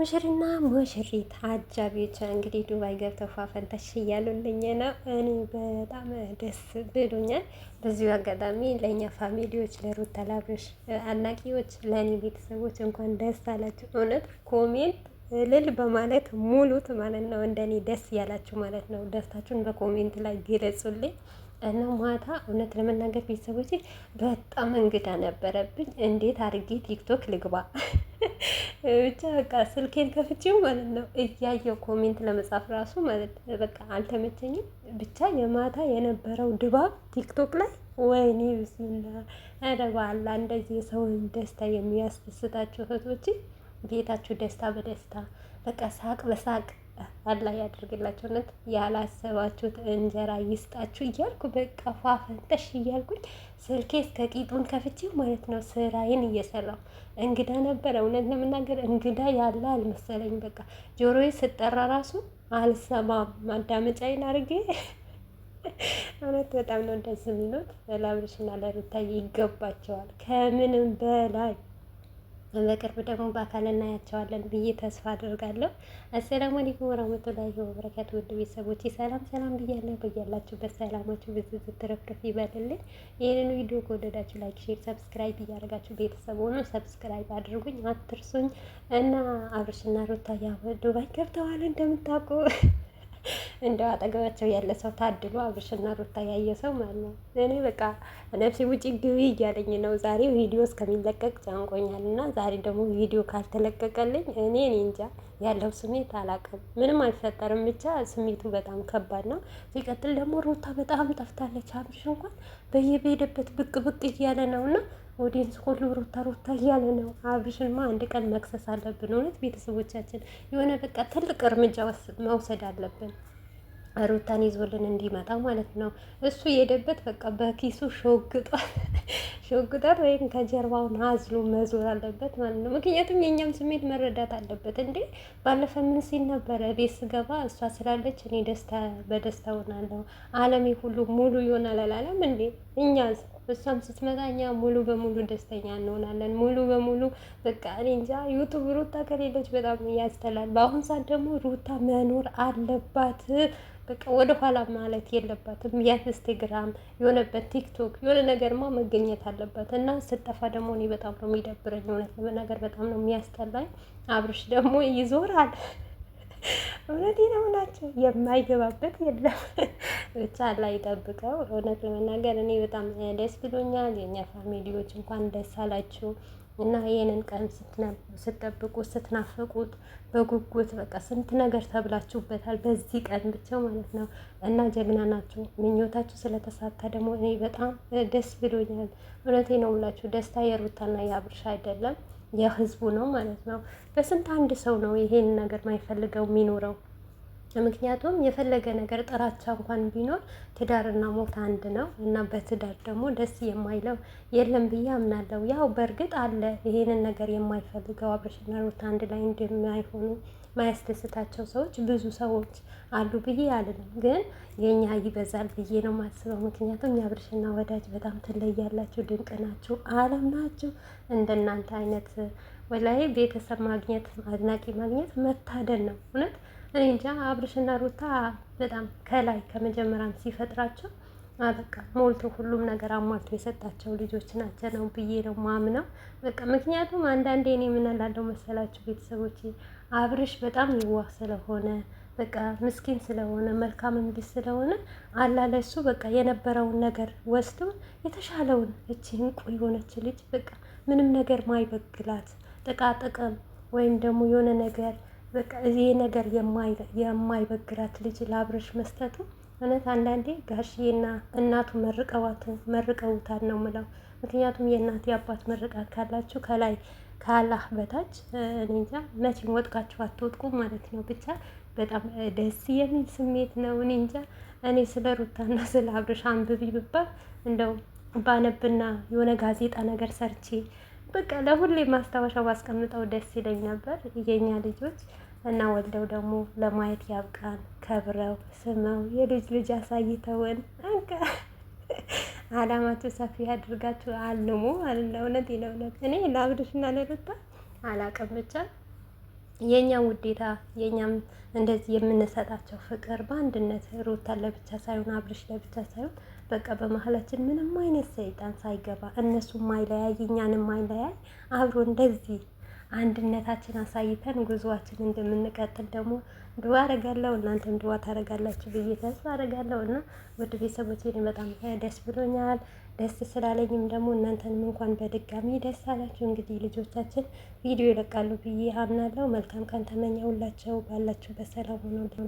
ሙሽሪና ሙሽሪት አጃቢዎች እንግዲህ ዱባይ ገብተው ፏፈንተሽ እያሉልኝ ነው። እኔ በጣም ደስ ብሎኛል። በዚሁ አጋጣሚ ለእኛ ፋሚሊዎች፣ ለሩት ተላብሽ አድናቂዎች፣ ለእኔ ቤተሰቦች እንኳን ደስ አላችሁ። እውነት ኮሜንት እልል በማለት ሙሉት ማለት ነው። እንደኔ ደስ ያላችሁ ማለት ነው። ደስታችሁን በኮሜንት ላይ ግለጹልኝ። እና ማታ እውነት ለመናገር ቤተሰቦች በጣም እንግዳ ነበረብኝ። እንዴት አድርጌ ቲክቶክ ልግባ ብቻ በቃ ስልኬን ከፍቼው ማለት ነው እያየው ኮሜንት ለመጻፍ ራሱ ማለት በቃ አልተመቸኝም። ብቻ የማታ የነበረው ድባብ ቲክቶክ ላይ ወይኔ ብስና ረባላ እንደዚህ የሰውን ደስታ የሚያስደስታቸው እህቶች ቤታችሁ ደስታ በደስታ በቃ ሳቅ በሳቅ አላህ ያደርግላቸው። እውነት ያላሰባችሁት እንጀራ ይስጣችሁ እያልኩ በቃ ፏፈንጠሽ እያልኩኝ ስልኬ እስከ ቂጡን ከፍቼ ማለት ነው ስራዬን እየሰራሁ እንግዳ ነበረ። እውነት ለመናገር እንግዳ ያለ አልመሰለኝ። በቃ ጆሮዬ ስጠራ ራሱ አልሰማም። ማዳመጫዬን አድርጌ እውነት በጣም ነው ደስ የሚሉት። ለአብርሽና ለሩታ ይገባቸዋል ከምንም በላይ በቅርብ ደግሞ በአካል እናያቸዋለን ብዬ ተስፋ አድርጋለሁ። አሰላሙ አለይኩም ወራህመቱላሂ ወበረካቱ። ውድ ቤተሰቦች ሰላም ሰላም ብያለሁ። በያላችሁበት ሰላማችሁ ብዙ ትረፍርፍ ይበልልኝ። ይህንን ቪዲዮ ከወደዳችሁ ላይክ፣ ሼር፣ ሰብስክራይብ እያደረጋችሁ ቤተሰብ ሆኖ ሰብስክራይብ አድርጉኝ አትርሱኝ እና አብርሽና ሩታ ያው ዱባይ ገብተዋል እንደምታውቁ እንደ አጠገባቸው ያለ ሰው ታድሎ አብርሽና ሩታ ያየ ሰው ማለት ነው። እኔ በቃ ነፍሴ ውጪ ግቢ እያለኝ ነው። ዛሬ ቪዲዮ እስከሚለቀቅ ጨንቆኛል እና ዛሬ ደግሞ ቪዲዮ ካልተለቀቀልኝ እኔ እኔ እንጃ ያለው ስሜት አላውቅም። ምንም አልፈጠርም፣ ብቻ ስሜቱ በጣም ከባድ ነው። ሲቀጥል ደግሞ ሩታ በጣም ጠፍታለች። አብርሽ እንኳን በየሄደበት ብቅ ብቅ እያለ ነው እና ኦዲንስ ሁሉ ሩታ ሩታ እያለ ነው። አብርሽንማ አንድ ቀን መክሰስ አለብን። እውነት ቤተሰቦቻችን የሆነ በቃ ትልቅ እርምጃ መውሰድ አለብን። ሩታን ይዞልን እንዲመጣ ማለት ነው። እሱ የሄደበት በቃ በኪሱ ሾግጧል ሾግጧል፣ ወይም ከጀርባው ናዝሎ መዞር አለበት ማለት ነው። ምክንያቱም የእኛም ስሜት መረዳት አለበት እንዴ። ባለፈ ምን ሲል ነበረ? ቤት ስገባ እሷ ስላለች እኔ ደስታ በደስታ ሆናለሁ፣ አለሜ ሁሉ ሙሉ ይሆናል አላለም እንዴ? እኛ እሷም ስትመጣ እኛ ሙሉ በሙሉ ደስተኛ እንሆናለን። ሙሉ በሙሉ በቃ እኔ እንጃ። ዩቱብ ሩታ ከሌሎች በጣም ያስተላል። በአሁን ሰዓት ደግሞ ሩታ መኖር አለባት። በቃ ወደኋላ ማለት የለባትም። የኢንስታግራም የሆነበት ቲክቶክ የሆነ ነገርማ መገኘት አለበት እና ስጠፋ ደግሞ እኔ በጣም ነው የሚደብረኝ። እውነት ለመናገር በጣም ነው የሚያስጠላኝ። አብርሽ ደግሞ ይዞራል። እውነት ነው ናቸው የማይገባበት የለም። ብቻ ላይ ይጠብቀው። እውነት ለመናገር እኔ በጣም ደስ ብሎኛል። የእኛ ፋሚሊዎች እንኳን ደስ አላችሁ። እና ይህንን ቀን ስትጠብቁ ስትናፍቁት በጉጉት በቃ ስንት ነገር ተብላችሁበታል። በዚህ ቀን ብቻ ማለት ነው እና ጀግና ናችሁ። ምኞታችሁ ስለተሳታ ደግሞ እኔ በጣም ደስ ብሎኛል። እውነቴ ነው ብላችሁ ደስታ የሩታና የአብርሻ አይደለም የህዝቡ ነው ማለት ነው። በስንት አንድ ሰው ነው ይሄን ነገር ማይፈልገው የሚኖረው ምክንያቱም የፈለገ ነገር ጥላቻ እንኳን ቢኖር ትዳርና ሞት አንድ ነው እና በትዳር ደግሞ ደስ የማይለው የለም ብዬ አምናለሁ። ያው በእርግጥ አለ ይሄንን ነገር የማይፈልገው አብረሽና ሩት አንድ ላይ እንደማይሆኑ ማያስደስታቸው ሰዎች ብዙ ሰዎች አሉ ብዬ አልልም፣ ግን የኛ ይበዛል ብዬ ነው ማስበው ምክንያቱም የአብርሽና ወዳጅ በጣም ትለያላችሁ፣ ድንቅ ናችሁ፣ አለም ናችሁ። እንደናንተ አይነት ወላይ ቤተሰብ ማግኘት አድናቂ ማግኘት መታደል ነው እውነት እኔ እንጃ አብርሽና ሩታ በጣም ከላይ ከመጀመሪያም ሲፈጥራቸው በቃ ሞልቶ ሁሉም ነገር አሟልቶ የሰጣቸው ልጆች ናቸው ነው ብዬ ነው ማምነው። በቃ ምክንያቱም አንዳንዴ እኔ ምን መሰላችሁ ቤተሰቦች፣ አብርሽ በጣም ይዋህ ስለሆነ በቃ ምስኪን ስለሆነ መልካም እንግዲህ ስለሆነ አላለሱ በቃ የነበረውን ነገር ወስዶ የተሻለውን እቺ እንቁ የሆነች ልጅ በቃ ምንም ነገር ማይበግላት ጥቃጥቅም ወይም ደግሞ የሆነ ነገር በቃ ይህ ነገር የማይበግራት ልጅ ለአብረሽ መስጠቱ እውነት አንዳንዴ ጋሽዬና እናቱ መርቀዋት መርቀውታን ነው ምለው። ምክንያቱም የእናት የአባት ምርቃት ካላችሁ ከላይ ከአላህ በታች እኔ እንጃ መቼም ወጥቃችሁ አትወጥቁ ማለት ነው። ብቻ በጣም ደስ የሚል ስሜት ነው። እኔ እንጃ እኔ ስለ ሩታና ስለ አብረሽ አንብቢ ብባል እንደው ባነብና የሆነ ጋዜጣ ነገር ሰርቼ በቃ ለሁሌ ማስታወሻ ባስቀምጠው ደስ ይለኝ ነበር የኛ ልጆች እና ወልደው ደግሞ ለማየት ያብቃን። ከብረው ስመው የልጅ ልጅ አሳይተውን አላማቸው ሰፊ አድርጋችሁ አልሙ አለ እውነት ለእውነት እኔ እና ለሩታ አላቅም ብቻ የኛ ውዴታ የእኛም እንደዚህ የምንሰጣቸው ፍቅር በአንድነት ሩታ ለብቻ ሳይሆን አብርሽ ለብቻ ሳይሆን በቃ በመሀላችን ምንም አይነት ሰይጣን ሳይገባ እነሱም አይለያይ እኛንም አይለያይ አብሮ እንደዚህ አንድነታችን አሳይተን ጉዞዋችን እንደምንቀጥል ደግሞ ድዋ አረጋለሁ። እናንተም ድዋ ታረጋላችሁ ብዬ ተስፋ አረጋለሁ እና ውድ ቤተሰቦች በጣም ደስ ብሎኛል። ደስ ስላለኝም ደግሞ እናንተንም እንኳን በድጋሚ ደስ አላችሁ። እንግዲህ ልጆቻችን ቪዲዮ ይለቃሉ ብዬ አምናለሁ። መልካም ቀን ተመኘሁላቸው። ባላችሁበት ሰላም ሆኖ